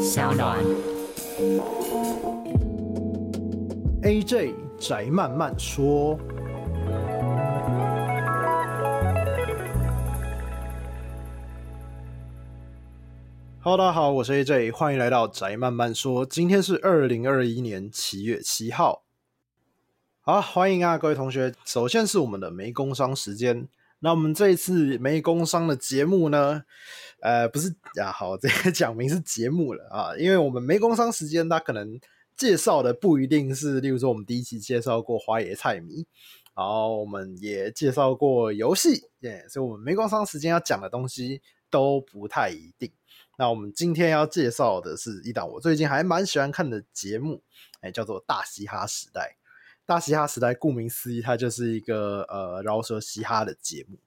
Sound On。A Jie 宅漫慢說。Hello，大家好，我是 A Jie，歡迎來到宅漫慢說。今天是二零二一年七月七號。好，歡迎啊，各位同學。首先是我們的沒工商時間。那我們這一次沒工商的節目呢。呃，不是啊，好，這個講明是節目了啊，因為我們沒工商時間，它可能介紹的不一定是，例如說我們第一期介紹過花椰菜迷。然後我們也介紹過遊戲，耶，所以我們沒工商時間要講的東西都不太一定。那我們今天要介紹的是一檔我最近還蠻喜歡看的節目，哎、欸，叫做《大嘻哈時代》。大嘻哈時代，顧名思義，它就是一個呃饒舌嘻哈的節目。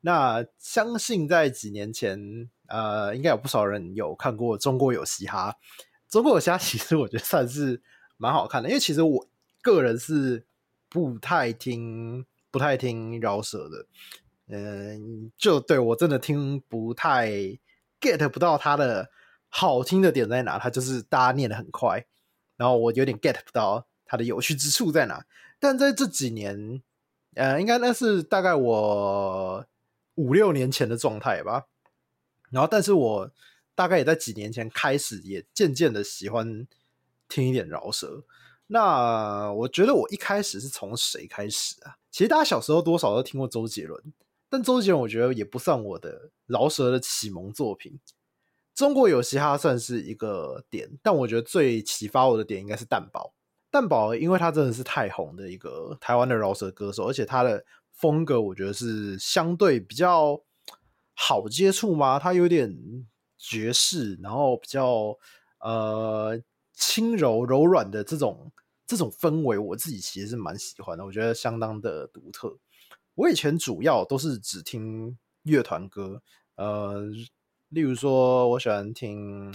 那相信在幾年前，呃，應該有不少人有看過中國有嘻哈、《中國有嘻哈》。《中國有嘻哈》其實我覺得算是蠻好看的，因為其實我個人是不太聽、不太聽饒舌的。嗯，就對，我真的聽不太 get 不到它的好聽的點在哪。它就是大家念得很快，然後我有點 get 不到。它的有趣之處在哪？但在這幾年，呃，應該那是大概我五六年前的狀態吧。然後，但是我大概也在幾年前開始，也漸漸的喜歡聽一點饒舌。那我覺得我一開始是從誰開始啊？其實大家小時候多少都聽過周杰倫，但周杰倫我覺得也不算我的饒舌的啟蒙作品。中國有嘻哈算是一個點，但我覺得最啟發我的點應該是蛋堡。蛋堡，因為他真的是太紅的一個台灣的饒舌歌手，而且他的風格我覺得是相對比較好接觸嘛。他有點爵士，然後比較呃輕柔柔軟的這種這種氛圍，我自己其實是蠻喜歡的。我覺得相當的獨特。我以前主要都是只聽樂團歌，呃，例如說我喜歡聽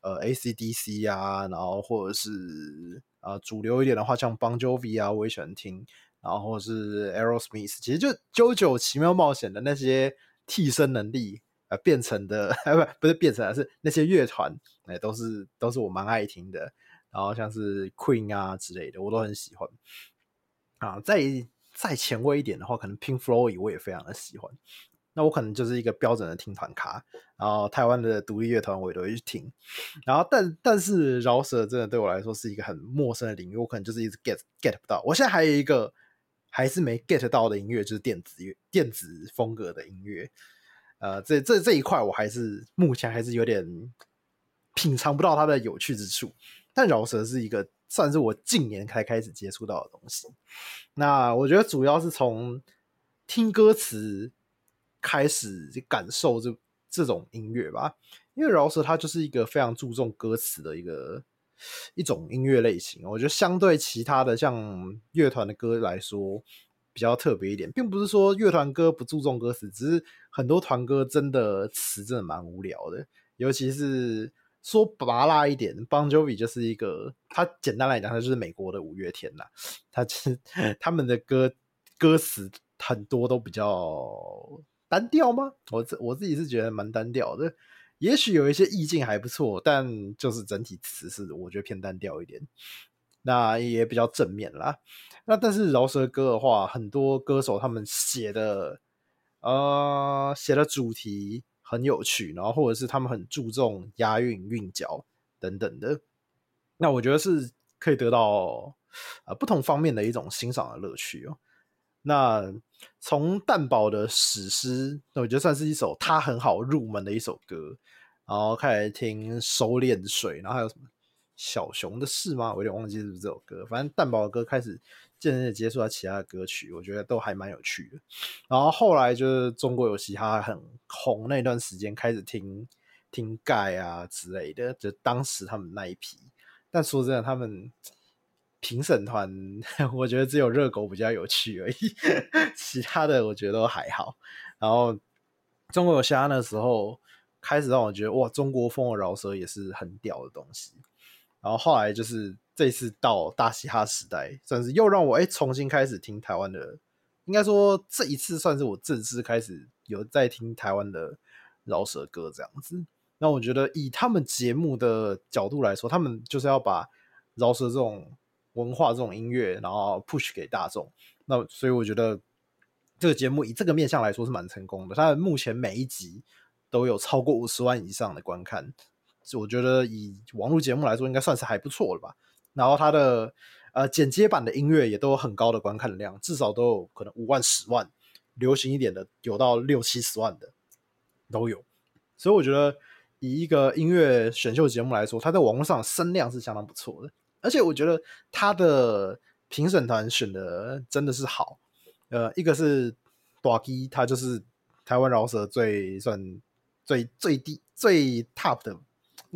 呃 ACDC 啊，然後或者是。呃、主流一點的話，像 Bon Jovi 啊，我也喜歡聽，然後是 Aerosmith，其實就《JoJo 奇妙冒險》的那些替身能力，呃，變成的，呵呵，不是變成的，是那些樂團，欸、都是都是我蠻愛聽的，然後像是 Queen 啊之類的，我都很喜歡。啊，再再前衛一點的話，可能 Pink Floyd 我也非常的喜歡。那我可能就是一個標準的聽團咖，然後台灣的獨立樂團我也都會去聽，然後但但是饒舌真的對我來說是一個很陌生的領域，我可能就是一直 get get 不到。我現在還有一個還是沒 get 到的音樂就是電子樂、電子風格的音樂，呃，這這這一塊我還是目前還是有點品嘗不到它的有趣之處。但饒舌是一個算是我近年才開始接觸到的東西。那我覺得主要是從聽歌詞。開始感受這這種音樂吧，因為饒舌它就是一個非常注重歌詞的一個一種音樂類型喔。我覺得相對其他的像樂團的歌來說，比較特別一點，並不是說樂團歌不注重歌詞，只是很多團歌真的詞真的蠻無聊的。尤其是說麻辣一點，邦喬比就是一個，他簡單來講，他就是美國的五月天啦。他就是，他們的歌歌詞很多都比較。單調嗎？我我自己是覺得蠻單調的，也許有一些意境還不錯，但就是整體詞是我覺得偏單調一點。那也比較正面啦。那但是饒舌歌的話，很多歌手他們寫的，啊、呃，寫的主題很有趣，然後或者是他們很注重押韻、韻腳等等的。那我覺得是可以得到、呃、不同方面的一種欣賞的樂趣哦。那。從蛋堡的史詩，那我覺得算是一首他很好入門的一首歌，然後開始聽收斂水，然後還有什麼小熊的事嗎？我有點忘記是不是這首歌。反正蛋堡的歌開始漸漸接觸到其他的歌曲，我覺得都還蠻有趣的。然後後來就是中國有嘻哈很紅那段時間，開始聽聽 GAI 啊之類的，就當時他們那一批。但說真的，他們。評審團，我覺得只有熱狗比較有趣而已， 其他的我覺得都還好。然後中國有嘻哈的時候，開始讓我覺得哇，中國風的饒舌也是很屌的東西。然後後來就是這次到大嘻哈時代，算是又讓我哎、欸、重新開始聽台灣的，應該說，這一次算是我正式開始有在聽台灣的饒舌歌這樣子。那我覺得以他們節目的角度來說，他們就是要把饒舌這種。文化這種音樂，然後 push 給大眾。那所以我覺得這個節目以這個面向來說是蠻成功的。它的目前每一集都有超過五十萬以上的觀看，我覺得以網絡節目來說，應該算是還不錯了吧。然後它的呃剪接版的音樂也都有很高的觀看量，至少都有可能五萬、十萬，流行一點的有到六七十萬的都有。所以我覺得以一個音樂選秀節目來說，它在網絡上的聲量是相當不錯的。而且我覺得他的評審團選的真的是好，呃，一個是大支他就是台灣饒舌最算最最低最 top 的，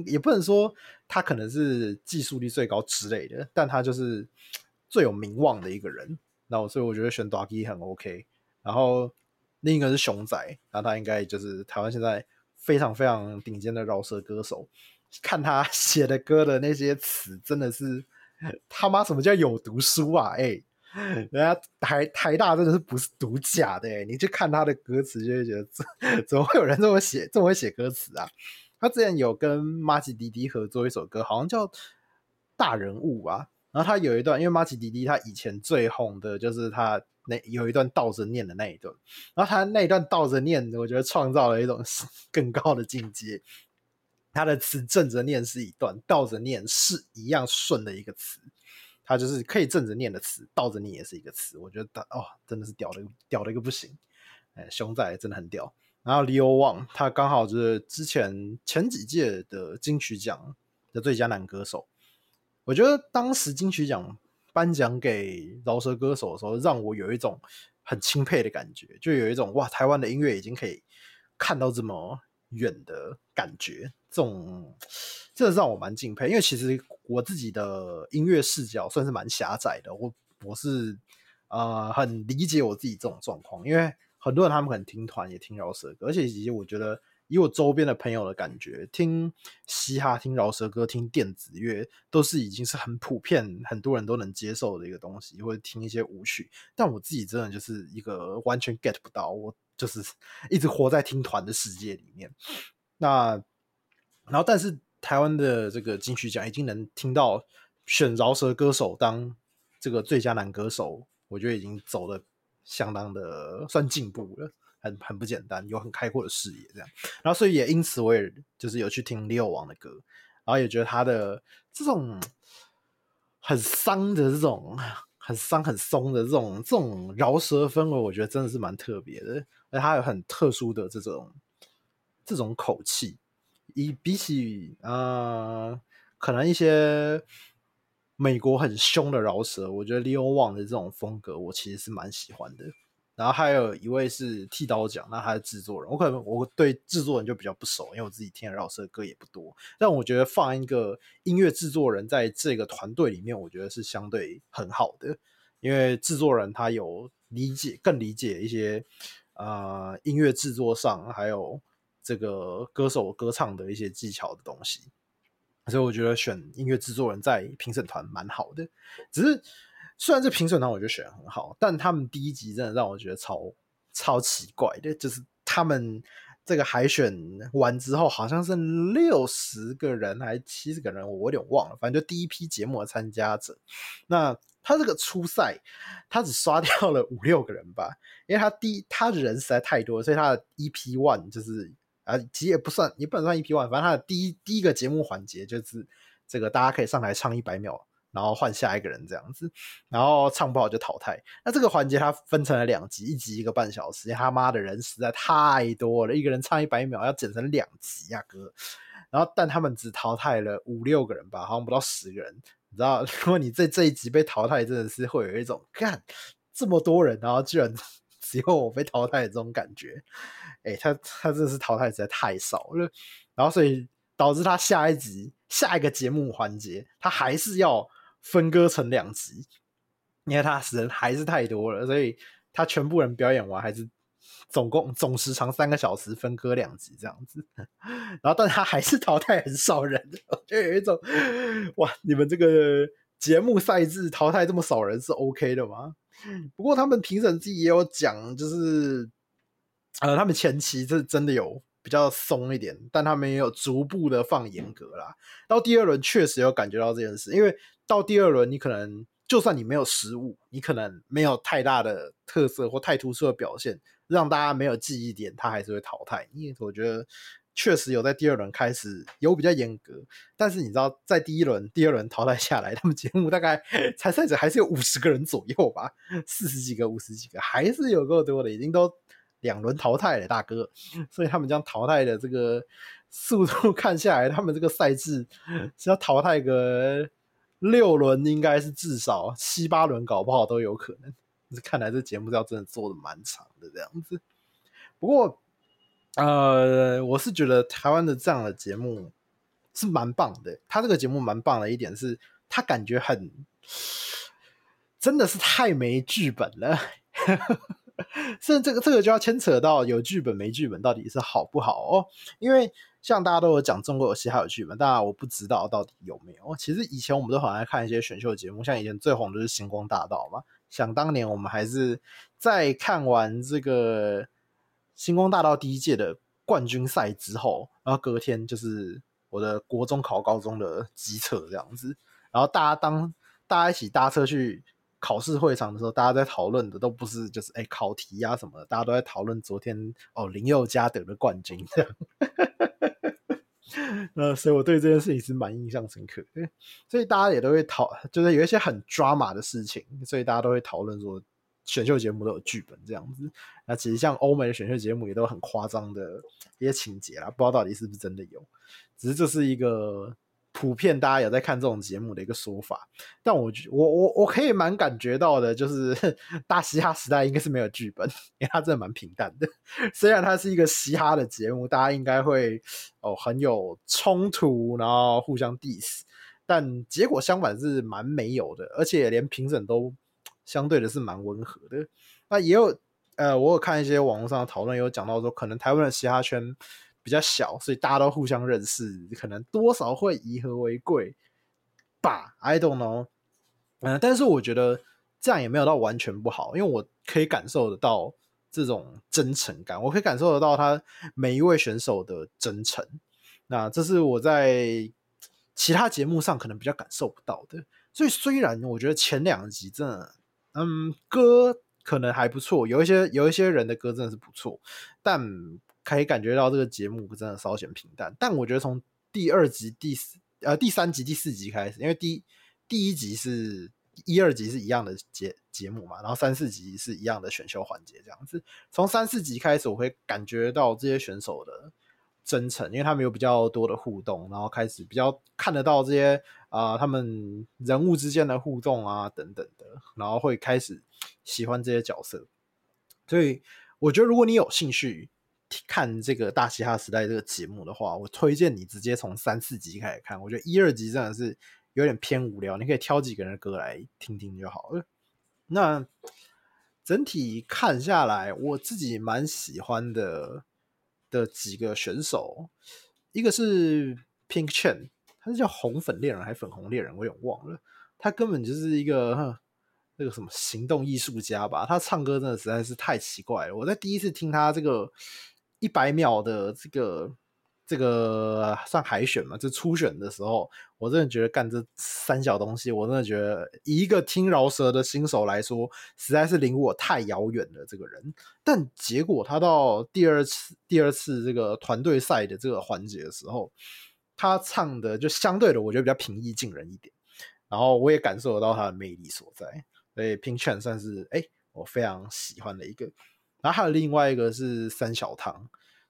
也不能說他可能是技術力最高之類的，但他就是最有名望的一個人。那我所以我覺得選大支很 OK，然後另一個是熊仔，那他應該就是台灣現在非常非常頂尖的饒舌歌手。看他寫的歌的那些詞，真的是他媽什麼叫有讀書啊？哎、欸，人家台台大真的是不是讀假的、欸？你去看他的歌詞，就會覺得怎怎麼會有人這麼寫這麼會寫歌詞啊？他之前有跟麻吉弟弟合作一首歌，好像叫《大人物》啊。然後他有一段，因為麻吉弟弟他以前最紅的就是他那有一段倒着念的那一段。然後他那一段倒着念的，我覺得創造了一種更高的境界。他的詞正着念是一段，倒着念是一樣順的一個詞，他就是可以正着念的詞，倒着念也是一個詞。我覺得他哦，真的是屌的，屌的一個不行，哎，熊仔真的很屌。然後 Leo 王，他剛好就是之前前幾屆的金曲獎的最佳男歌手。我覺得當時金曲獎頒獎給饒舌歌手的時候，讓我有一種很欽佩的感覺，就有一種哇，台灣的音樂已經可以看到這麼。遠的感覺，這種這讓我蠻敬佩。因為其實我自己的音樂視角算是蠻狹窄的，我我是呃很理解我自己這種狀況。因為很多人他們可能聽團也聽饒舌歌，而且以及我覺得以我周邊的朋友的感覺，聽嘻哈、聽饒舌歌、聽電子樂都是已經是很普遍，很多人都能接受的一個東西，或者聽一些舞曲。但我自己真的就是一個完全 get 不到我，就是一直活在聽團的世界裡面，那然後但是台灣的這個金曲獎已經能聽到選饒舌歌手當這個最佳男歌手，我覺得已經走得相當的算進步了，很很不簡單，有很開闊的視野這樣。然後所以也因此我也就是有去聽 Leo 王的歌，然後也覺得他的這種很傷的這種很傷很鬆的這種這種饒舌氛圍，我覺得真的是蠻特別的。他有很特殊的這種這種口氣，以比起啊、呃、可能一些美國很凶的饒舌，我覺得 Leo 王的這種風格，我其實是蠻喜歡的。然後還有一位是剃刀蔣，那他的制作人，我可能我對制作人就比較不熟，因為我自己聽饒舌的歌也不多。但我覺得放一個音樂制作人在這個團隊裡面，我覺得是相對很好的，因為制作人他有理解，更理解一些。呃，音樂製作上還有這個歌手歌唱的一些技巧的東西，所以我覺得選音樂製作人在評審團蠻好的。只是雖然這評審團我覺得選很好，但他們第一集真的讓我覺得超超奇怪的，就是他們這個海選完之後，好像是六十個人還七十個人，我有點忘了，反正就第一批節目的參加者，那，他這個初賽，他只刷掉了五六個人吧，因為他第一，他的人實在太多了，所以他的 EP one 就是啊，其實也不算，也不能算 EP one，反正他的第一第一個節目環節就是這個，大家可以上臺唱一百秒，然後換下一個人這樣子，然後唱不好就淘汰。那這個環節他分成了兩集，一集一個半小時，因為他媽的人實在太多了，一個人唱一百秒要剪成兩集啊哥，然後但他們只淘汰了五六個人吧，好像不到十個人。知道，如果你在這，這一集被淘汰，真的是會有一種幹，這麼多人，然後居然只有我被淘汰的這種感覺。哎、欸，他他真的是淘汰實在太少了，然後所以導致他下一集，下一個節目環節，他還是要分割成兩集，因為他人還是太多了，所以他全部人表演完還是。總共總時長三個小時，分割兩集這樣子，然後但他還是淘汰很少人，就有一種哇，你們這個節目賽制淘汰這麼少人是 OK 的嗎？不過他們評審自己也有講，就是呃，他們前期是真的有比較鬆一點，但他們也有逐步的放嚴格啦。到第二輪確實有感覺到這件事，因為到第二輪你可能就算你沒有失誤，你可能沒有太大的特色或太突出的表現。讓大家沒有記憶點，他還是會淘汰。因為我覺得確實有在第二輪開始有比較嚴格，但是你知道，在第一輪、第二輪淘汰下來，他們節目大概參賽者還是有五十個人左右吧，四十幾個、五十幾個，還是有夠多的，已經都兩輪淘汰了，大哥。所以他們將淘汰的這個速度看下來，他們這個賽制是要淘汰個六輪，應該是至少七八輪，搞不好都有可能。看來這節目要真的做的蠻長的這樣子，不過，呃，我是覺得台灣的這樣的節目是蠻棒的欸。他這個節目蠻棒的一點是他感覺很真的是太沒劇本了。 甚至這個這個就要牽扯到有劇本沒劇本到底是好不好哦？因為像大家都有講中國有嘻哈有劇本，當然我不知道到底有沒有。其實以前我們都很愛看一些選秀節目，像以前最紅的就是《星光大道》嘛。想當年，我們還是在看完這個《星光大道》第一屆的冠軍賽之後，然後隔天就是我的國中考高中的基測，這樣子。然後大家當大家一起搭車去考試會場的時候，大家在討論的都不是就是哎、欸、考題呀、啊、什麼的，大家都在討論昨天哦林宥嘉得了冠軍這樣。 那所以我對這件事情是蠻印象深刻，所以大家也都會討，就是有一些很抓馬的事情，所以大家都會討論說選秀節目都有劇本這樣子。那其實像歐美的選秀節目也都很誇張的一些情節啦，不知道到底是不是真的有，只是這是一個。普遍大家有在看這種節目的一個說法，但我我我我可以蠻感覺到的，就是大嘻哈時代應該是沒有劇本，因為它真的蠻平淡的。雖然它是一個嘻哈的節目，大家應該會哦很有衝突，然後互相 diss，但結果相反是蠻沒有的，而且連評審都相對的是蠻溫和的。那也有呃，我有看一些網絡上的討論，有講到說可能台灣的嘻哈圈。比較小，所以大家都互相認識，可能多少會以和為貴吧。I don't know，嗯，但是我覺得這樣也沒有到完全不好，因為我可以感受得到這種真誠感，我可以感受得到他每一位選手的真誠。那這是我在其他節目上可能比較感受不到的。所以雖然我覺得前兩集真的，嗯，歌可能還不錯，有一些有一些人的歌真的是不錯，但。可以感覺到這個節目真的稍顯平淡，但我覺得從第二集第四呃第三集第四集開始，因為第一第一集是一二集是一樣的節節目嘛，然後三四集是一樣的選秀環節，這樣子從三四集開始，我會感覺到這些選手的真誠，因為他們有比較多的互動，然後開始比較看得到這些啊、呃、他們人物之間的互動啊等等的，然後會開始喜歡這些角色，所以我覺得如果你有興趣。看這個《大嘻哈時代》這個節目的話，我推薦你直接從三四集開始看。我覺得一、二集真的是有點偏無聊，你可以挑幾個人的歌來聽聽就好了。那整體看下來，我自己蠻喜歡的的幾個選手，一個是 Pink Chen，他是叫紅粉戀人還是粉紅戀人？我有忘了。他根本就是一個那、這個什麼行動藝術家吧？他唱歌真的實在是太奇怪了。我在第一次聽他這個。一百秒的這個這個上海選嘛，就初選的時候，我真的覺得幹這三小東西，我真的覺得一個聽饒舌的新手來說，實在是離我太遙遠了這個人。但結果他到第二次第二次這個團隊賽的這個環節的時候，他唱的就相對的，我覺得比較平易近人一點。然後我也感受得到他的魅力所在，所以平勸算是，哎、欸，我非常喜歡的一個。然後還有另外一個是三小湯，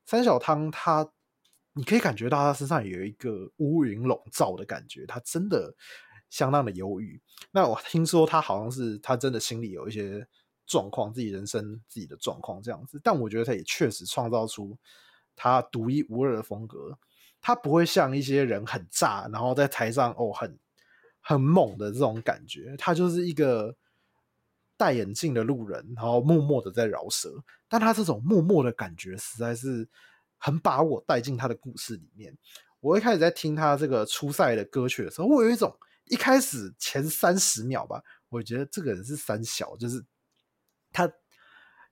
三小湯他，你可以感覺到他身上有一個烏雲籠罩的感覺，他真的相當的憂鬱。那我聽說他好像是他真的心裡有一些狀況，自己人生自己的狀況這樣子。但我覺得他也確實創造出他獨一無二的風格，他不會像一些人很炸，然後在台上哦很很猛的這種感覺，他就是一個。戴眼鏡的路人，然後默默的在饒舌，但他這種默默的感覺，實在是很把我帶進他的故事裡面。我一開始在聽他這個初賽的歌曲的時候，我有一種一開始前三十秒吧，我覺得這個人是三小，就是他，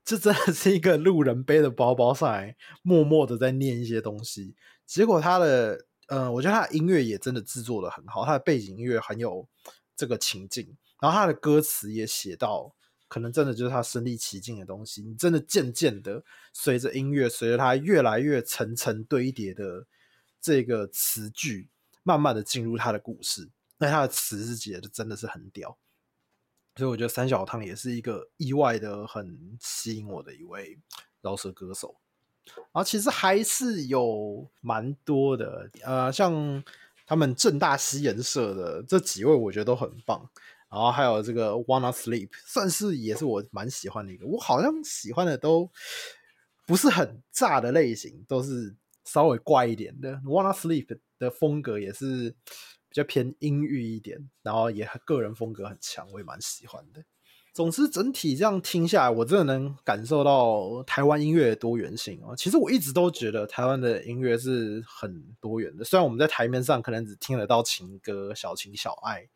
這真的是一個路人背的包包上來，默默的在念一些東西。結果他的，呃，我覺得他的音樂也真的製作的很好，他的背景音樂很有這個情境。然後他的歌詞也寫到，可能真的就是他身歷其境的東西。你真的漸漸的隨着音樂，隨着他越來越層層堆疊的這個詞句，慢慢的進入他的故事。那他的詞是寫的真的是很屌，所以我覺得三小湯，也是一個意外的很吸引我的一位饒舌歌手。然後其實還是有蠻多的，呃，像他們正大西顏社的這幾位，我覺得都很棒。然後還有這個 Wanna Sleep，算是也是我蠻喜歡的一個。我好像喜歡的都不是很炸的類型，都是稍微怪一點的。Wanna Sleep 的風格也是比較偏陰鬱一點，然後也個人風格很強，我也蠻喜歡的。總之，整體這樣聽下來，我真的能感受到台灣音樂的多元性哦。其實我一直都覺得台灣的音樂是很多元的，雖然我們在台面上可能只聽得到情歌、小情小愛。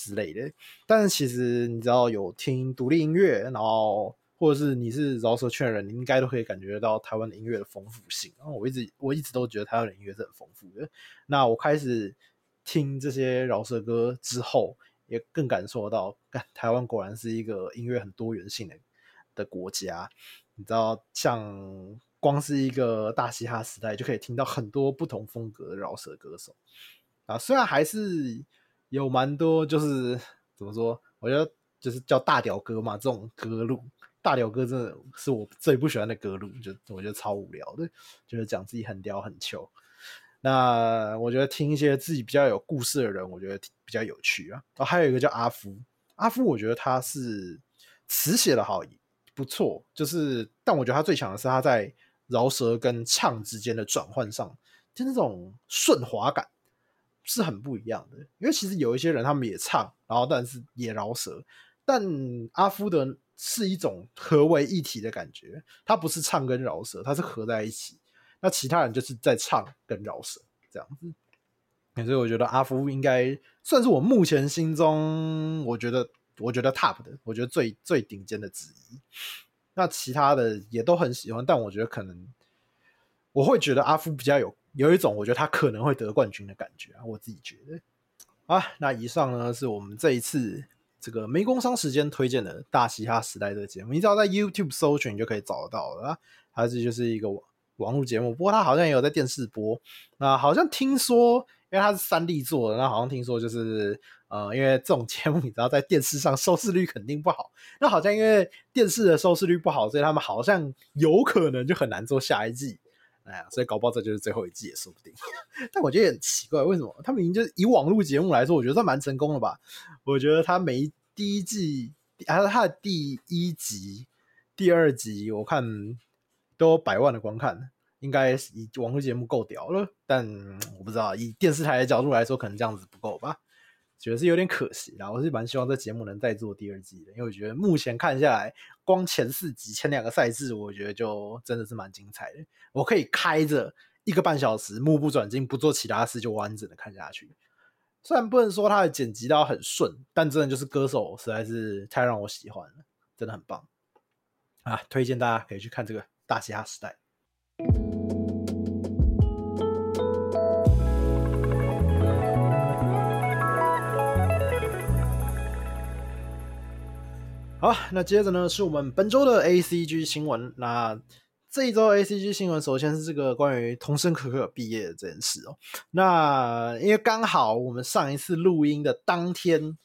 之類的，但是其實你知道有聽獨立音樂，然後或者是你是饒舌圈的人，你應該都可以感覺到台灣的音樂的豐富性。然後我一直我一直都覺得台灣的音樂是很豐富的。那我開始聽這些饒舌歌之後，也更感受到，台灣果然是一個音樂很多元性的的國家。你知道，像光是一個大嘻哈時代，就可以聽到很多不同風格的饒舌歌手啊，雖然還是有蠻多就是怎麼說？我覺得就是叫大屌哥嘛，這種歌路，大屌哥真的是我最不喜歡的歌路，就我覺得超無聊的，就是講自己很屌很糗。那我覺得聽一些自己比較有故事的人，我覺得比較有趣啊。啊、哦，還有一個叫阿福，阿福我覺得他是詞寫的好不錯，就是但我覺得他最強的是他在饒舌跟唱之間的轉換上，就那種順滑感。是很不一樣的，因為其實有一些人他們也唱，然後但是也饒舌，但阿夫的是一種合為一體的感覺，他不是唱跟饒舌，他是合在一起。那其他人就是在唱跟饒舌這樣子，所以我覺得阿夫應該算是我目前心中，我覺得我覺得 TOP 的，我覺得最最頂尖的之一。那其他的也都很喜歡，但我覺得可能我會覺得阿夫比較有。有一種我覺得他可能會得冠軍的感覺啊，我自己覺得啊。那以上呢是我們這一次這個沒工商時間推薦的《大嘻哈時代》的節目，你知道在 YouTube 搜尋就可以找得到啊，還這就是一個網絡節目，不過他好像也有在電視播。那好像聽說，因為他是三 d 做的，那好像聽說就是呃，因為這種節目你知道在電視上收視率肯定不好，那好像因為電視的收視率不好，所以他們好像有可能就很難做下一季。哎、所以搞不好這就是最後一季也說不定。 但我覺得也很奇怪，為什麼他們已經就是以網絡節目來說，我覺得算蠻成功了吧？我覺得他每第一季還是、啊、他的第一集、第二集，我看都百萬的觀看，應該是以網絡節目夠屌了。但我不知道以電視台的角度來說，可能這樣子不夠吧，覺得是有點可惜啦。然後我是蠻希望這節目能再做第二季的，因為我覺得目前看下來。光前四集前兩個賽制，我覺得就真的是蠻精彩的。我可以開着一個半小時，目不轉睛，不做其他事就完整的看下去。雖然不能說它的剪輯到很順，但真的就是歌手實在是太讓我喜歡了，真的很棒啊！推薦大家可以去看這個《大嘻哈時代》。好，那接着呢，是我們本周的 A C G 新聞。那這一周 A C G 新聞，首先是這個關於桐生可可畢業的這件事哦、喔。那因為剛好我們上一次錄音的當天，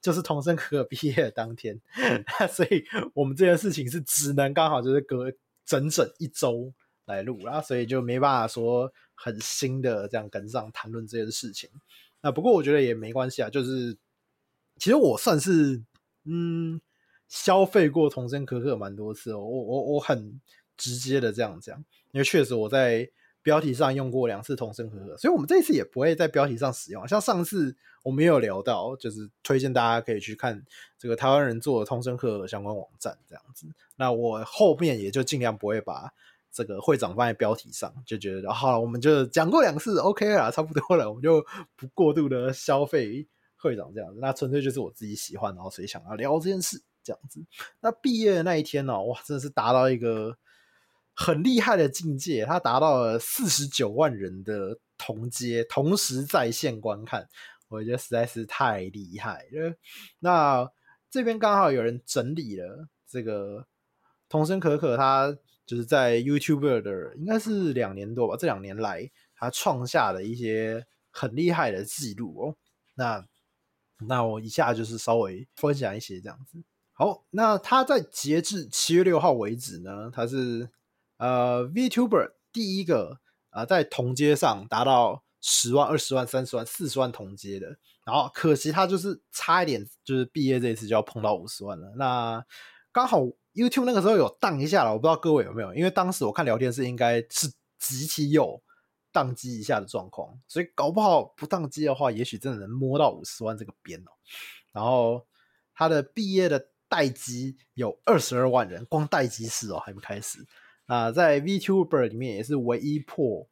就是桐生可可畢業的當天，嗯、那所以我們這件事情是只能剛好就是隔整整一周來錄啊，所以就沒辦法說很新的這樣跟上談論這件事情。那不過我覺得也沒關係啊，就是其實我算是嗯。消費過桐生可可蠻多次哦，我我我很直接的這樣講，因為確實我在標題上用過兩次桐生可可，所以我們這一次也不會在標題上使用。像上次我們有聊到，就是推薦大家可以去看這個台灣人做的桐生可可相關網站這樣子。那我後面也就盡量不會把這個會長放在標題上，就覺得就好了，我們就講過兩次，OK 啦，差不多了，我們就不過度的消費會長這樣子。那純粹就是我自己喜歡，然後所以想要聊這件事。這樣子，那畢業的那一天呢、哦？哇，真的是達到一個很厲害的境界，他達到了四十九萬人的同接，同時在線觀看，我覺得實在是太厲害了。那這邊剛好有人整理了這個桐生可可，他就是在 YouTube 的，應該是兩年多吧，這兩年來他創下的一些很厲害的記錄哦。那那我以下就是稍微分享一些這樣子。好，那他在截至七月六號為止呢，他是呃，VTuber 第一個啊、呃，在同接上達到十萬、二十萬、三十萬、四十萬同接的。然後可惜他就是差一點，就是畢業這一次就要碰到五十萬了。那剛好 YouTube 那個時候有宕一下了，我不知道各位有沒有，因為當時我看聊天室應該是極其有宕機一下的狀況，所以搞不好不宕機的話，也許真的能摸到五十萬這個邊哦、喔。然後他的畢業的。待機有二十二萬人，光待機室哦，還沒開始。啊，在 VTuber 裡面也是唯一破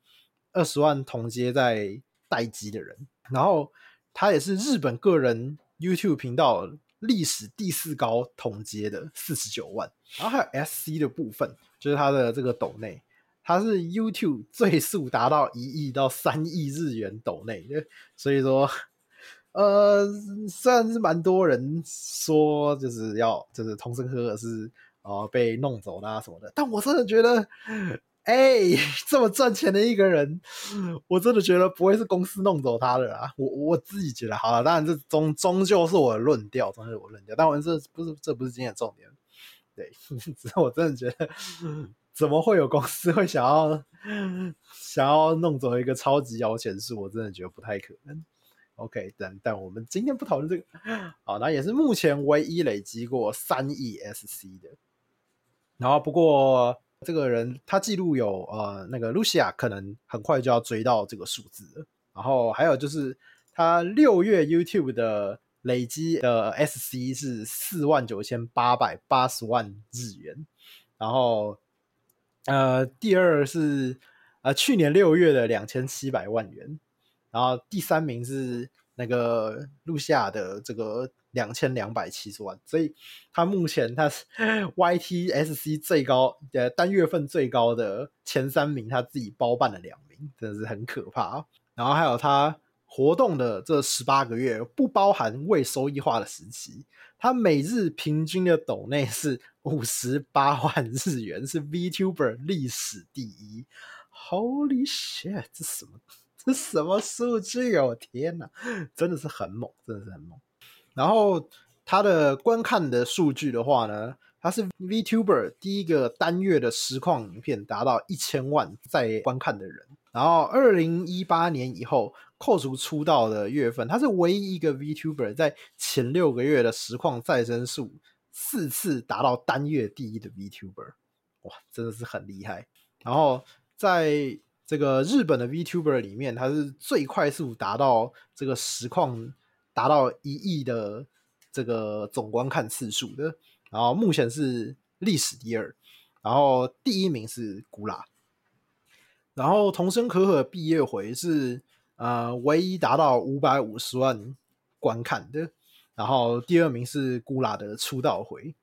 二十萬同接在待機的人，然後他也是日本個人 YouTube 頻道歷史第四高同接的四十九萬，然後還有 SC 的部分，就是他的這個抖內，他是 YouTube 最速達到一億到三億日元抖內的，所以說。呃，雖然是蠻多人說就是要就是童聲哥是呃被弄走啦什麼的，但我真的覺得，哎、欸，這麼賺錢的一個人，我真的覺得不會是公司弄走他的啦，我我自己覺得，好了，當然這終終究是我的論調，終究是我論調。但我這不是這不是今天的重點，對， 只是我真的覺得、嗯，怎麼會有公司會想要想要弄走一個超級搖錢樹？我真的覺得不太可能。OK，但但我們今天不討論這個。好，那也是目前唯一累積過三億 SC 的。然後，不過這個人他記錄有呃，那個露西亞可能很快就要追到這個數字了。然後還有就是他六月 YouTube 的累積的 SC 是四萬九千八百八十萬日元。然後呃，第二是呃去年六月的兩千七百萬元。然後第三名是那個露西亞的這個兩千兩百七十萬，所以他目前他是 YTSC 最高呃單月份最高的前三名，他自己包辦了兩名，真的是很可怕。然後還有他活動的這十八個月，不包含未收益化的時期，他每日平均的抖內是五十八萬日元，是 VTuber 歷史第一。Holy shit，這什麼？這 什麼數據哦？我天哪，真的是很猛，真的是很猛。然後他的觀看的數據的話呢，他是 VTuber 第一個單月的實況影片，達到一千萬在觀看的人。然後二零一八年以後扣除出道的月份，他是唯一一個 VTuber 在前六個月的實況再生數四次達到單月第一的 VTuber。哇，真的是很厲害。然後在這個日本的 VTuber 裡面，它是最快速達到這個實況達到一億的這個總觀看次數的，然後目前是歷史第二，然後第一名是古拉，然後桐生可可畢業回是呃唯一達到五百五十萬觀看的，然後第二名是古拉的出道回，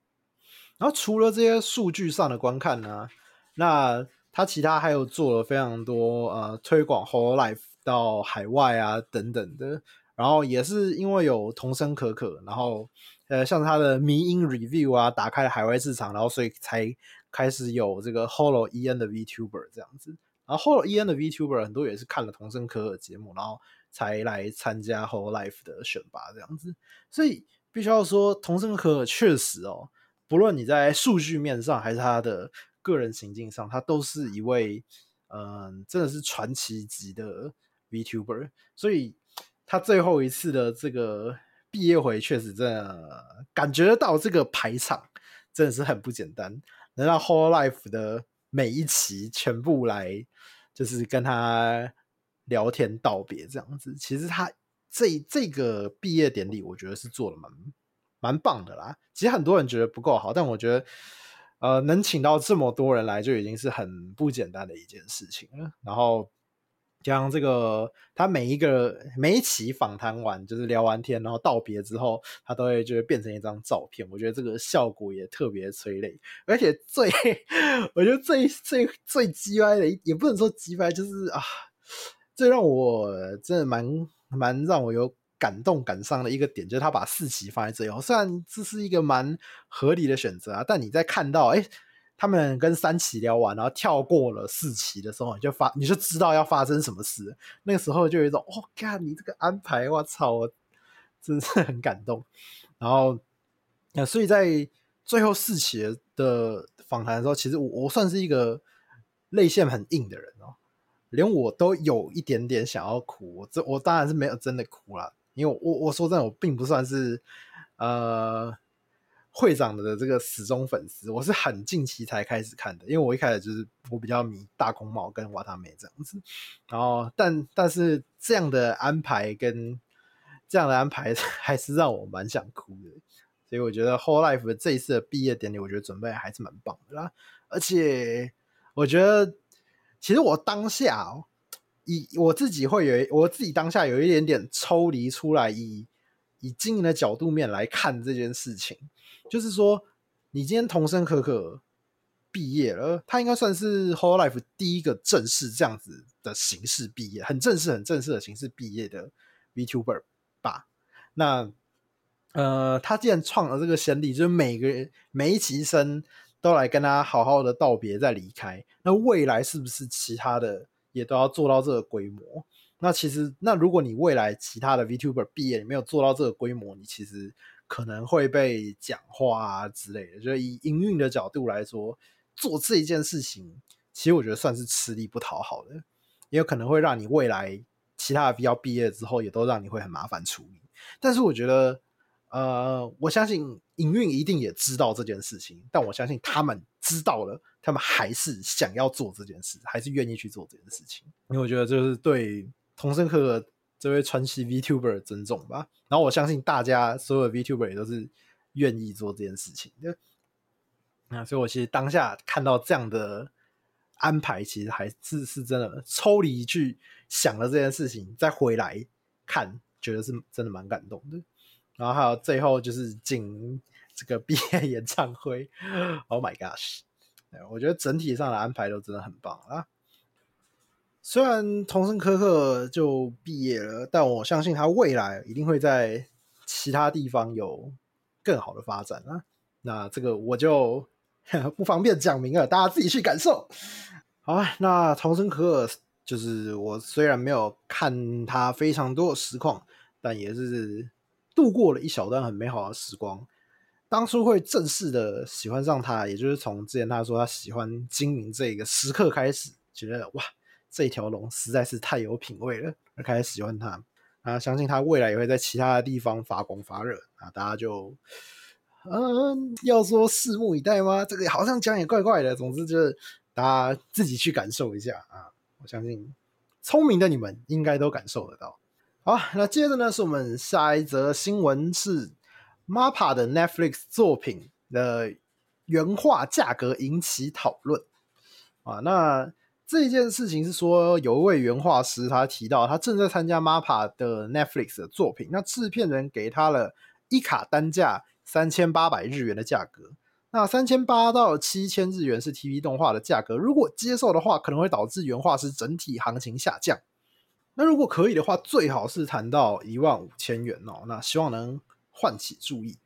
然後除了這些數據上的觀看呢，那。他其他還有做了非常多呃推廣，hololive 到海外啊等等的，然後也是因為有桐生可可，然後呃像他的迷因 Review 啊，打開海外市場，然後所以才開始有這個 holo EN 的 VTuber 這樣子，然後 holo EN 的 VTuber 很多也是看了桐生可可的節目，然後才來參加 hololive 的選拔這樣子，所以必須要說桐生可可確實哦，不論你在數據面上還是他的。個人行徑上，他都是一位，嗯、呃，真的是傳奇級的 VTuber。所以，他最後一次的這個畢業回，確實這感覺到這個排場真的是很不簡單，能讓 Hololive 的每一期全部來就是跟他聊天道別這樣子。其實他這這個畢業典禮，我覺得是做得蠻蠻棒的啦。其實很多人覺得不夠好，但我覺得。呃，能請到這麼多人來就已經是很不簡單的一件事情了。然後，將這，這個，他每一個每一期訪談完，就是聊完天，然後道別之後，他都會就是變成一張照片。我覺得這個效果也特別催淚，而且最我覺得最最最雞歪的，也不能說雞歪，就是啊，最讓我真的蠻蠻讓我有。感動感傷的一個點就是他把四期放在這裡，雖然這是一個蠻合理的選擇啊，但你在看到哎、欸、他們跟三期聊完，然後跳過了四期的時候，你就發你就知道要發生什麼事。那個時候就有一種哦，God、oh、你這個安排，我操，我真是很感動。然後那所以在最後四期的訪談的時候，其實我我算是一個淚腺很硬的人哦、喔，連我都有一點點想要哭。我這我當然是沒有真的哭了。因為我我說真的，我並不算是呃會長的這個死忠粉絲，我是很近期才開始看的。因為我一開始就是我比較迷大空昴跟瓦塔梅這樣子，然後但但是這樣的安排跟這樣的安排還是讓我蠻想哭的。所以我覺得 Hololive 的這一次的畢業典禮，我覺得準備還是蠻棒的啦。而且我覺得其實我當下、哦。以我自己會有，我自己當下有一點點抽離出來，以以經營的角度面來看這件事情，就是說，你今天桐生可可畢業了，他應該算是 Hololive 第一個正式這樣子的形式畢業，很正式、很正式的形式畢業的 VTuber 吧。那呃，他既然創了這個先例，就是每個人每一期生都來跟他好好的道別再離開，那未來是不是其他的？也都要做到這個規模。那其實，那如果你未來其他的 VTuber 畢業，你沒有做到這個規模，你其實可能會被講話啊之類的。就以營運的角度來說，做這一件事情，其實我覺得算是吃力不討好的，也有可能會讓你未來其他的 V 要畢業之後，也都讓你會很麻煩處理。但是我覺得。呃，我相信營運一定也知道這件事情，但我相信他們知道了，他們還是想要做這件事，還是願意去做這件事情，因為我覺得這是對桐生可可這位傳奇 VTuber 的尊重吧。然後我相信大家所有的 VTuber 也都是願意做這件事情，那所以我其實當下看到這樣的安排，其實還是是真的抽離去想了這件事情，再回來看，覺得是真的蠻感動的。然後還有最後就是進這個畢業演唱會，Oh my gosh！我覺得整體上的安排都真的很棒啊。雖然桐生可可就畢業了，但我相信他未來一定會在其他地方有更好的發展啊。那這個我就不方便講明了，大家自己去感受。好，那桐生可可就是我雖然沒有看他非常多的實況，但也是。度過了一小段很美好的時光。當初會正式的喜歡上他，也就是從之前他說他喜歡精明這個時刻開始，覺得哇，這條龍實在是太有品味了，而開始喜歡他。啊，相信他未來也會在其他的地方發光發熱。啊，大家就嗯，要說拭目以待嗎？這個好像講也怪怪的。總之就是大家自己去感受一下啊。我相信聰明的你們應該都感受得到。好，那接着呢，是我們下一則新聞是 Mappa 的 Netflix 作品的原畫價格引起討論啊。那這一件事情是說，有一位原畫師他提到，他正在參加 Mappa 的 Netflix 的作品，那製片人給他了一卡單價三千八百日元的價格。那三千八到七千日元是 TV 動畫的價格，如果接受的話，可能會導致原畫師整體行情下降。那如果可以的話，最好是談到一萬五千元哦。那希望能喚起注意。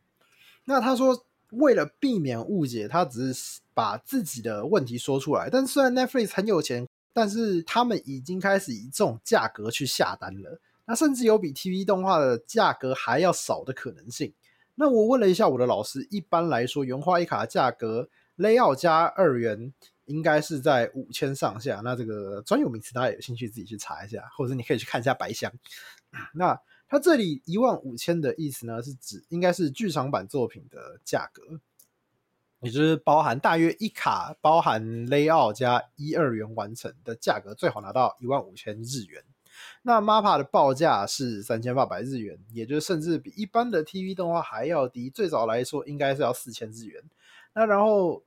那他說，為了避免誤解，他只是把自己的問題說出來。但雖然 Netflix 很有錢，但是他們已經開始以這種價格去下單了。那甚至有比 TV 動畫的價格還要少的可能性。那我問了一下我的老師，一般來說，原畫一卡的價格，Layout 加二元。應該是在五千上下。那這個專有名詞，大家也有興趣自己去查一下，或者你可以去看一下白箱。嗯、那它這裡一萬五千的意思呢，是指應該是劇場版作品的價格，也就是包含大約一卡，包含 layout 加一二元完成的價格，最好拿到一萬五千日元。那 Mappa 的報價是三千八百日元，也就是甚至比一般的 TV 動畫還要低。最早來說，應該是要四千日元。那然後。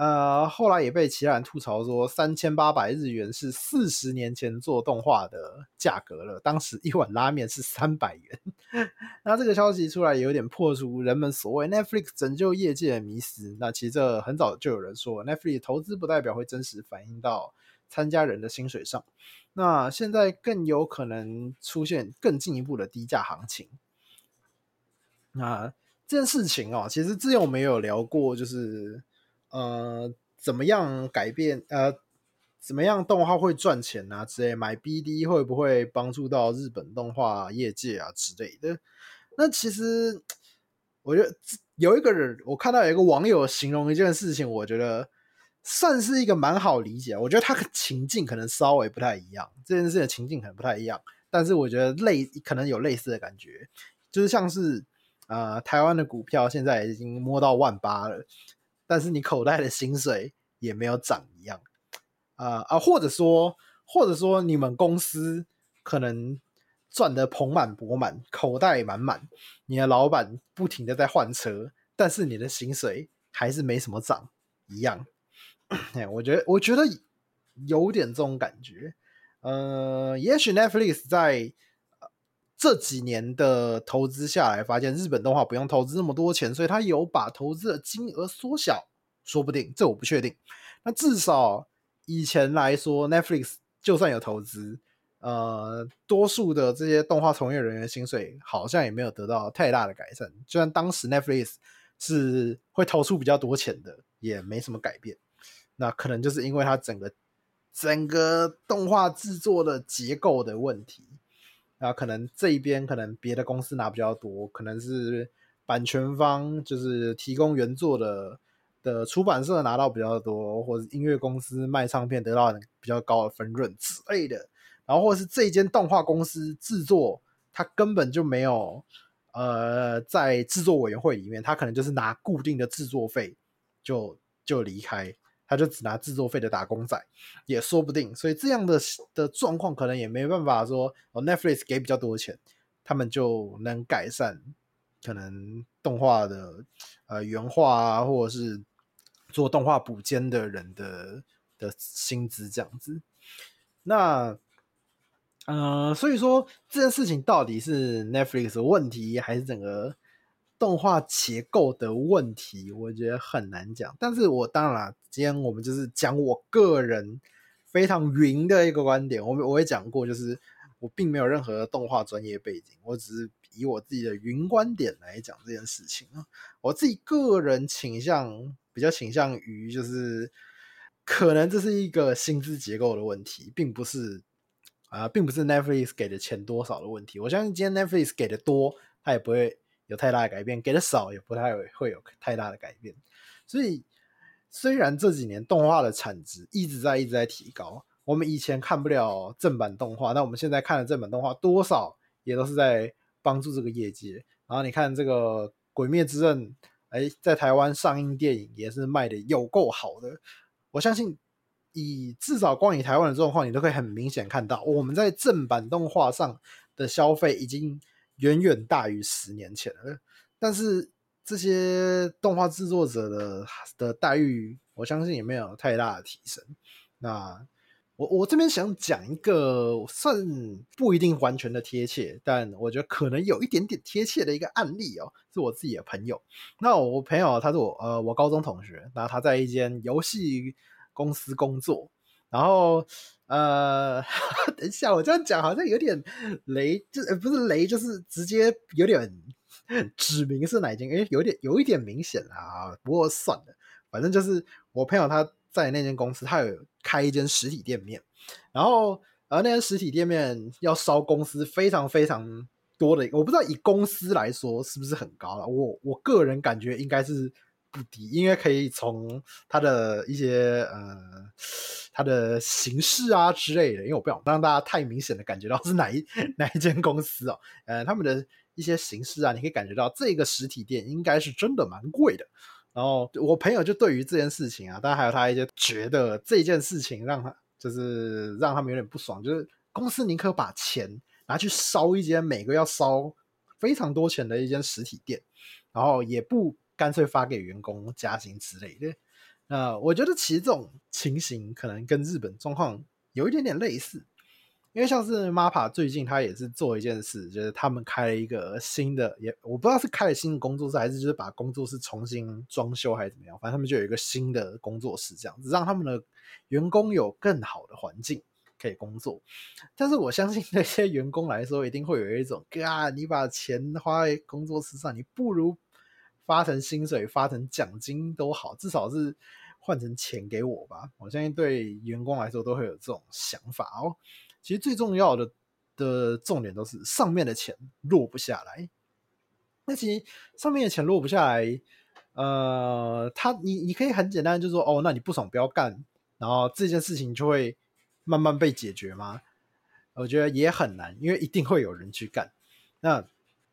呃，後來也被其他人吐槽說，三千八百日元是四十年前做動畫的價格了。當時一碗拉麵是三百元。 那這個消息出來也有點破除人們所謂 Netflix 拯救業界的迷思。那其實這很早就有人說，Netflix 投資不代表會真實反映到參加人的薪水上。那現在更有可能出現更進一步的低價行情。那這件事情哦，其實之前我沒有聊過，就是。呃，怎麼樣改變？呃，怎麼樣動畫會賺錢啊，之類，買 BD 會不會幫助到日本動畫業界啊？之類的。那其實我覺得有一個人，我看到有一個網友形容一件事情，我覺得算是一個蠻好理解。我覺得他的情境可能稍微不太一樣，這件事的情境可能不太一樣，但是我覺得類可能有類似的感覺，就是像是呃，台灣的股票現在已經摸到萬八了。但是你口袋的薪水也沒有漲一樣，啊、呃、啊，或者說，或者說你們公司可能賺得盆滿缽滿，口袋滿滿，你的老板不停的在換車，但是你的薪水還是沒什麼漲一樣。 我覺得，我覺得有點這種感覺，呃，也許 Netflix 在。這幾年的投資下來，發現日本動畫不用投資那麼多錢，所以他有把投資的金額縮小，說不定，這我不確定。那至少以前來說，Netflix 就算有投資，呃，多數的這些動畫從業人員薪水好像也沒有得到太大的改善。就算當時 Netflix 是會投出比較多錢的，也沒什麼改變。那可能就是因為它整個整個動畫製作的結構的問題。然後，啊，可能這一邊可能別的公司拿比較多，可能是版權方就是提供原作的的出版社拿到比較多，或者音樂公司賣唱片得到比較高的分潤之類的。然後或者是這一間動畫公司制作，他根本就沒有呃在制作委員會裡面，他可能就是拿固定的制作費就就離開。他就只拿製作費的打工仔也說不定，所以這樣的的狀況可能也沒辦法說哦。Netflix 給比較多錢，他們就能改善可能動畫的呃原畫啊，或者是做動畫補間的人的的薪資這樣子。那呃，所以說這件事情到底是 Netflix 的問題還是整個動畫結構的問題，我覺得很難講。但是我當然。今天我們就是講我個人非常雲的一個觀點我。我我也講過，就是我並沒有任何的動畫專業背景，我只是以我自己的雲觀點來講這件事情啊。我自己個人傾向比較傾向於，就是可能這是一個薪資結構的問題，並不是，呃，並不是啊，並不是 Netflix 給的錢多少的問題。我相信今天 Netflix 給的多，它也不會有太大的改變；給的少，也不太有會有太大的改變。所以。雖然這幾年動畫的產值一直在，一直在提高，我們以前看不了正版動畫，那我們現在看的正版動畫多少也都是在幫助這個業界。然後你看這個《鬼滅之刃》，哎，在台灣上映電影也是賣得有夠好的。我相信以至少光以台灣的狀況，你都可以很明顯看到，我們在正版動畫上的消費已經遠遠大於十年前了。但是這些動畫製作者的的待遇，我相信也沒有太大的提升。那我我這邊想講一個算不一定完全的貼切，但我覺得可能有一點點貼切的一個案例哦，是我自己的朋友。那我朋友他是我呃我高中同學，然後他在一間遊戲公司工作，然後呃， 等一下我這樣講好像有點雷，就，呃，不是雷，就是直接有點。指明是哪間？哎、欸，有點有一點明顯啦，不過算了，反正就是我朋友他在那間公司，他有開一間實體店面，然後而、呃、那間實體店面要燒公司非常非常多的，我不知道以公司來說是不是很高啦，我我個人感覺應該是不低，因為可以從他的一些呃他的形式啊之類的，因為我不想讓大家太明顯的感覺到是哪一哪一間公司哦、喔，呃他們的。一些形式啊，你可以感覺到這個實體店應該是真的蠻貴的。然後我朋友就對於這件事情啊，當然還有他一些覺得這件事情讓他就是讓他們有點不爽，就是公司寧可把錢拿去燒一間每個月要燒非常多錢的一間實體店，然後也不乾脆發給員工加薪之類的。那我覺得其實這種情形可能跟日本狀況有一點點類似。因為像是 Mappa 最近他也是做一件事，就是他們開了一個新的，也我不知道是開了新的工作室還是就是把工作室重新裝修還是怎麼樣，反正他們就有一個新的工作室這樣子，讓他們的員工有更好的環境可以工作。但是我相信那些員工來說，一定會有一種，啊，你把錢花在工作室上，你不如發成薪水、發成獎金都好，至少是換成錢給我吧。我相信對員工來說都會有這種想法哦。其實最重要的的重點都是上面的錢落不下來，那其實上面的錢落不下來，呃，他你你可以很簡單就說哦，那你不爽不要幹，然後這件事情就會慢慢被解決嗎？我覺得也很難，因為一定會有人去幹。那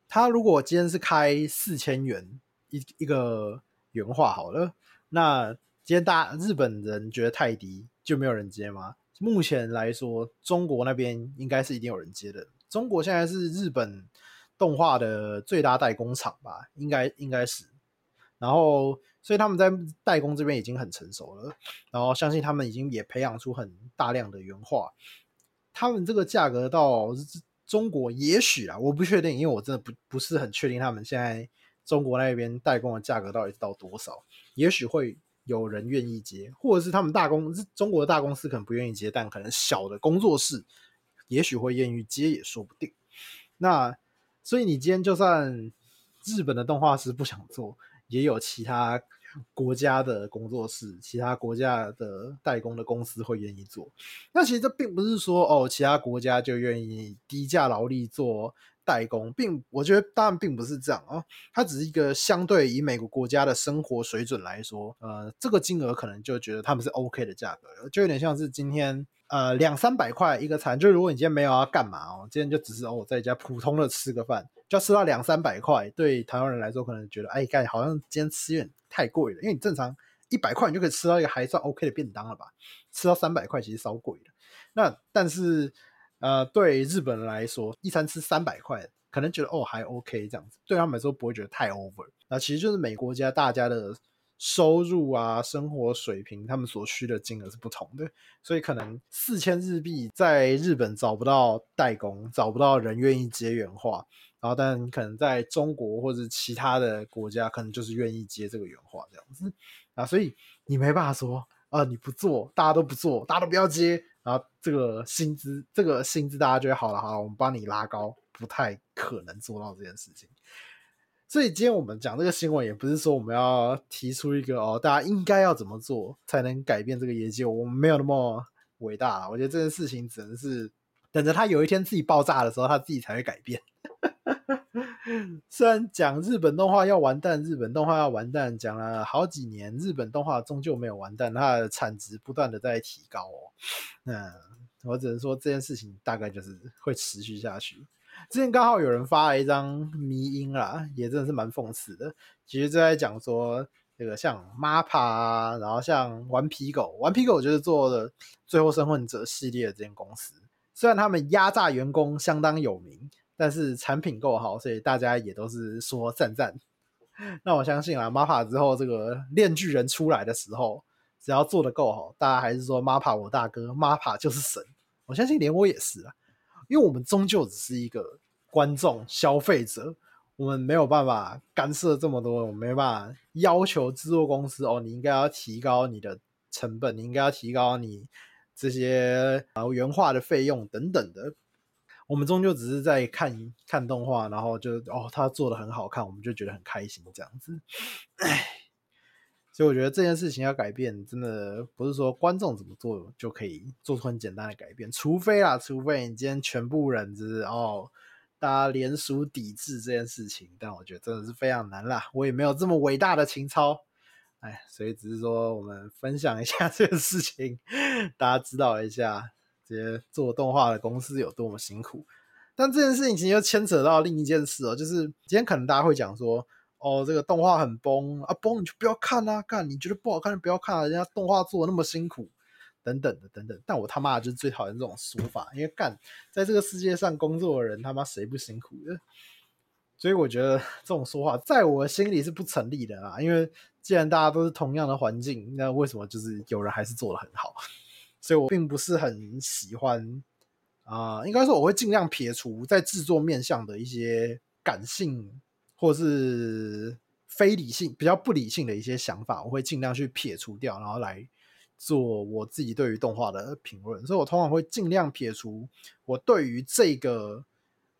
他如果今天是開四千元一一個原畫好了，那今天大家日本人覺得太低，就沒有人接嗎？目前來說，中國那邊應該是一定有人接的。中國現在是日本動畫的最大代工廠吧，應該應該是。然後，所以他們在代工這邊已經很成熟了，然後相信他們已經也培養出很大量的原畫。他們這個價格到中國，也許啊，我不確定，因為我真的不不是很確定他們現在中國那邊代工的價格到底到多少，也許會。有人願意接，或者是他們大公司、中國的大公司可能不願意接，但可能小的工作室也許會願意接，也說不定。那所以你今天就算日本的動畫師不想做，也有其他國家的工作室、其他國家的代工的公司會願意做。那其實這並不是說哦，其他國家就願意低價勞力做。代工並，我覺得當然並不是這樣哦，它只是一個相對以美國國家的生活水準來說，呃，這個金額可能就覺得他們是 OK 的價格，就有點像是今天呃兩三百塊一個餐，就是如果你今天沒有要、啊、幹嘛哦，今天就只是哦在家普通的吃個飯，就要吃到兩三百塊，對台灣人來說可能覺得哎幹好像今天吃有點太貴了，因為你正常一百塊你就可以吃到一個還算 OK 的便當了吧，吃到三百塊其實稍貴的。那但是。呃，對日本人來說，一餐吃三百塊，可能覺得哦還 OK 這樣子，對他們來說不會覺得太 over，啊。那其實就是每國家大家的收入啊、生活水平，他們所需的金額是不同的，所以可能四千日幣在日本找不到代工，找不到人願意接原畫，然後但可能在中國或者其他的國家，可能就是願意接這個原畫這樣子。啊，所以你沒辦法說，啊、呃、你不做，大家都不做，大家都不要接。然後這個薪資，這個薪資大家覺得好了哈，我們幫你拉高，不太可能做到這件事情。所以今天我們講這個新聞，也不是說我們要提出一個哦，大家應該要怎麼做才能改變這個業績，我們沒有那麼偉大啦。我覺得這件事情只能是等着他有一天自己爆炸的時候，他自己才會改變。 雖然講日本動畫要完蛋，日本動畫要完蛋，講了好幾年，日本動畫終究沒有完蛋，它的產值不斷的在提高，哦。嗯，我只能說這件事情大概就是會持續下去。之前剛好有人發了一張迷因，也真的是蠻諷刺的。其實就在講說，那個像媽 a 啊，然後像頑皮狗，頑皮狗就是做的《最後生還者》系列的這件公司，雖然他們壓榨員工相當有名。但是產品夠好，所以大家也都是說讚讚。那我相信啊，Mappa 之後這個鍊巨人出來的時候，只要做的夠好，大家還是說 Mappa 我大哥，Mappa 就是神。我相信連我也是啊，因為我們終究只是一個觀眾消費者，我們沒有辦法干涉這麼多，我們沒辦法要求製作公司哦，你應該要提高你的成本，你應該要提高你這些啊原畫的費用等等的。我們終究只是在看看動畫，然後就哦，他做的很好看，我們就覺得很開心這樣子。唉，所以我覺得這件事情要改變，真的不是說觀眾怎麼做就可以做出很簡單的改變，除非啊，除非你今天全部人然、就是、哦，大家聯署抵制這件事情。但我覺得真的是非常難啦，我也沒有這麼偉大的情操。唉，所以只是說我們分享一下這個事情，大家知道一下。直接做動畫的公司有多麼辛苦，但這件事情其實又牽扯到另一件事哦、喔，就是今天可能大家會講說，哦，這個動畫很崩啊，崩你就不要看啦、啊，幹你覺得不好看就不要看，啊，人家動畫做的那麼辛苦，等等的等等。但我他媽就是最討厭這種說法，因為幹在這個世界上工作的人他媽誰不辛苦的？所以我覺得這種說話在我心裡是不成立的啦，因為既然大家都是同樣的環境，那為什麼就是有人還是做的很好？所以，我並不是很喜歡，啊，應該說我會盡量撇除在製作面向的一些感性或是非理性、比較不理性的一些想法，我會盡量去撇除掉，然後來做我自己對於動畫的評論。所以我通常會盡量撇除我對於這個，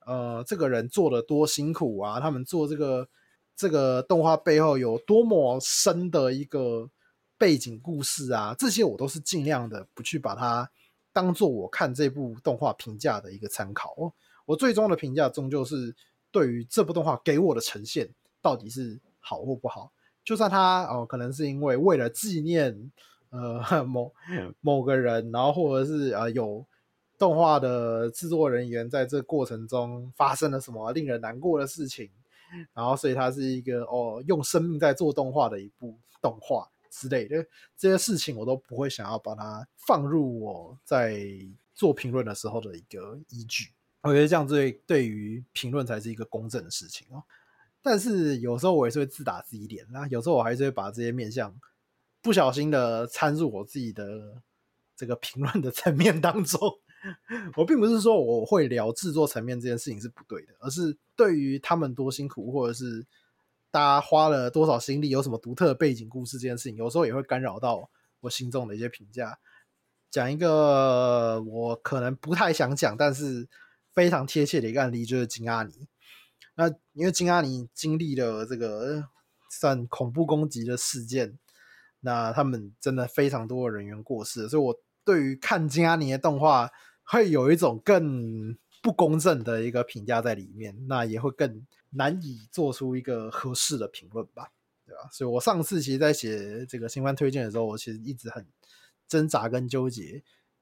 呃，這個人做得多辛苦啊，他們做這個這個動畫背後有多麼深的一個。背景故事啊，這些我都是盡量的不去把它當做我看這部動畫評價的一個參考哦。我最終的評價終究是對於這部動畫給我的呈現到底是好或不好。就算它哦，可能是因為為了紀念呃某某個人，然後或者是呃有動畫的製作人員在這過程中發生了什麼令人難過的事情，然後所以它是一個哦用生命在做動畫的一部動畫。之類的這些事情，我都不會想要把它放入我在做評論的時候的一個依據。我覺得這樣子對於評論才是一個公正的事情哦、喔。但是有時候我也是會自打自己臉、啊，那有時候我還是會把這些面向不小心的摻入我自己的這個評論的層面當中。我並不是說我會聊制作層面這件事情是不對的，而是對於他們多辛苦，或者是。大家花了多少心力，有什麼獨特的背景故事，這件事情有時候也會干擾到我心中的一些評價。講一個我可能不太想講，但是非常貼切的一個案例，就是《京阿尼》。那因為《京阿尼》經歷了這個算恐怖攻擊的事件，那他們真的非常多的人員過世，所以我對於看《京阿尼》的動畫，會有一種更不公正的一個評價在裡面，那也會更。難以做出一個合適的評論吧，對吧？所以我上次其實，在寫這個新番推薦的時候，我其實一直很掙扎跟糾結，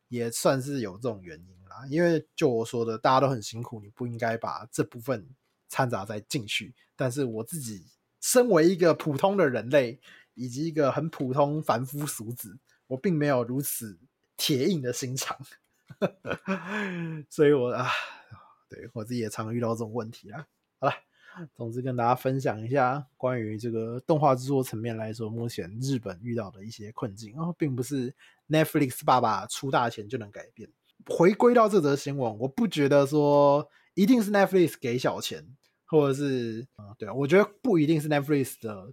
也算是有這種原因啦。因為就我說的，大家都很辛苦，你不應該把這部分摻雜在進去。但是我自己身為一個普通的人類，以及一個很普通凡夫俗子，我並沒有如此鐵硬的心腸， 所以我啊，對，我自己也常遇到這種問題啦。好了。總之，跟大家分享一下關於這個動畫製作層面來說，目前日本遇到的一些困境啊、哦，並不是 Netflix 爸爸出大錢就能改變。回歸到這則新聞，我不覺得說一定是 Netflix 給小錢，或者是啊、嗯，對啊，我覺得不一定是 Netflix 的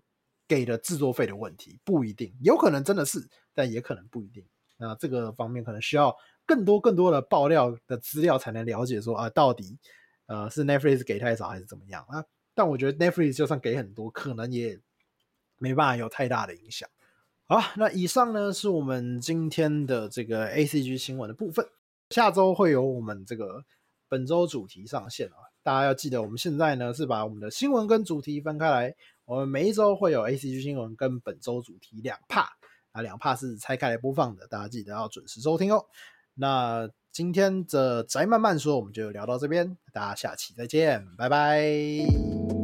給的製作費的問題，不一定，有可能真的是，但也可能不一定。那這個方面可能需要更多更多的爆料的資料，才能了解說啊，到底。呃，是 Netflix 給太少還是怎麼樣啊？但我覺得 Netflix 就算給很多，可能也沒辦法有太大的影響。好，那以上呢是我們今天的這個 ACG 新聞的部分。下周會有我們這個本周主題上線啊、哦，大家要記得我們現在呢是把我們的新聞跟主題分開來，我們每一周會有 ACG 新聞跟本周主題兩 part 啊，兩 part 是拆開來播放的，大家記得要準時收聽哦。那。今天的宅漫慢說，我們就聊到這邊，大家下期再見，拜拜。